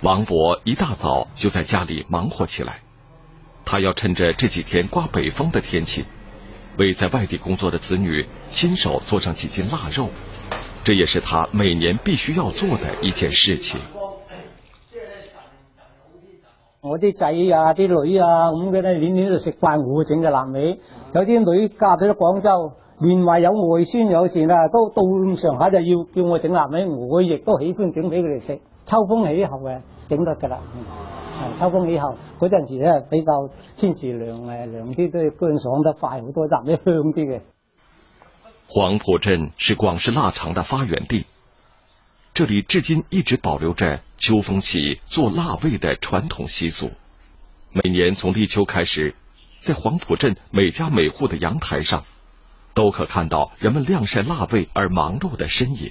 王博一大早就在家裏忙活起來，他要趁着這幾天刮北風的天氣，為在外地工作的子女親手做上幾斤臘肉，這也是他每年必須要做的一件事情。我啲仔啊，啲女啊，咁嘅咧，年年都食慣我整嘅臘味。有啲女嫁咗廣州，年華有外孫有錢啊，都到咁上下就要叫我整臘味，我亦都喜歡整俾佢哋食。秋風起後誒、啊、整得㗎啦，嗯，秋風起後嗰陣時咧，比較天時涼，誒，涼啲都要乾爽得快好多，特別香啲嘅。黃圃鎮是廣式臘腸的發源地，這裡至今一直保留着秋風起做臘味的傳統習俗。每年從立秋開始，在黃圃鎮每家每戶的陽台上，都可看到人們晾晒臘味而忙碌的身影。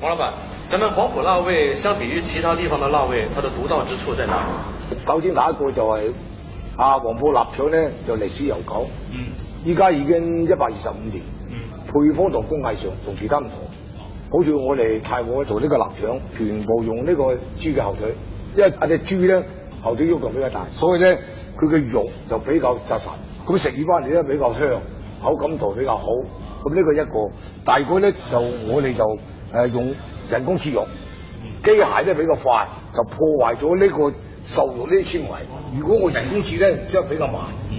黃老闆，咱們黃圃臘味相比於其他地方的臘味，它的獨到之處在哪裡？首先第一個就係、是、啊，黃圃臘腸咧，就歷史悠久，嗯，依家已經一百二十五年，嗯，配方同工藝上同其他唔同，好似我哋太和做呢個臘腸，全部用呢個豬嘅後腿，因為啊隻豬咧後腿郁動，比較大，所以咧佢嘅肉就比較紮實，咁食起翻嚟咧比較香，口感度比較好，咁呢個一個，大概個咧就我哋就。呃，用人工切肉，機械咧比較快，就破壞咗呢個瘦肉呢啲纖維。如果我人工切咧，即係比較慢，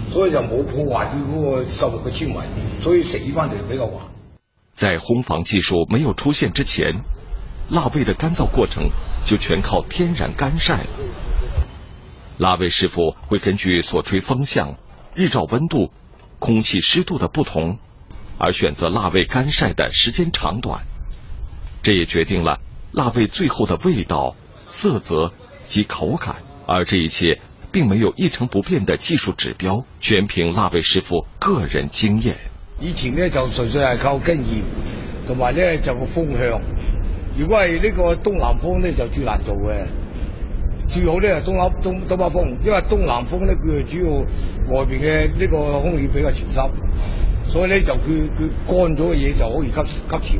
所以就冇破壞到嗰個瘦肉嘅纖維，所以食依翻就比較滑。在烘房技術沒有出現之前，臘味的乾燥過程就全靠天然乾曬了。臘味師傅會根據所吹風向、日照溫度、空氣濕度的不同，而選擇臘味乾曬的時間長短。這也決定了臘味最後的味道、色澤及口感，而這一切並沒有一成不變的技術指標，全憑臘味師傅個人經驗。以前呢就純粹係靠經驗，同埋咧就個、是、風向。如果係呢個東南風咧，就最難做嘅。最好咧係東北東東北風，因為東南風咧，佢係主要外邊嘅呢個空氣比較潮濕，所以咧就佢佢乾咗嘅嘢，就好易吸吸潮。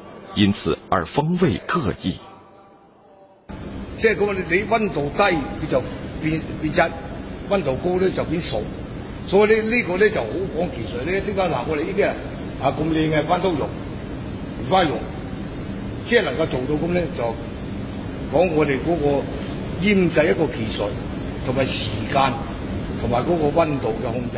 因此而風味各異，即係個啊！你温度低，你就變變質，温度高咧就變熟。所以咧呢個咧就好講技術咧。點解嗱？我哋呢啲啊啊咁靚嘅關刀肉，唔肉，即係能夠做到咁咧，就講我哋嗰個醃製一個技術同埋時間同埋嗰個温度嘅控制。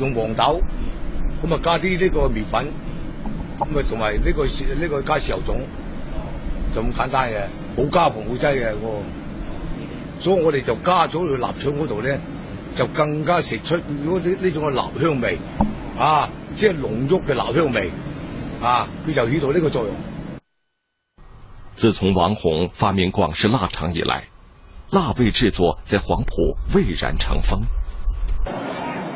用黃豆，咁啊加啲呢個麵粉，咁啊同埋呢個呢個加豉油種，就咁簡單嘅，冇加防腐劑嘅。所以我哋就加咗去臘腸嗰度咧，就更加食出如果呢呢種嘅臘香味啊，即係濃郁嘅臘香味啊，佢就起到呢個作用。自從王洪發明廣式臘腸以來，臘味製作在黃圃蔚然成風。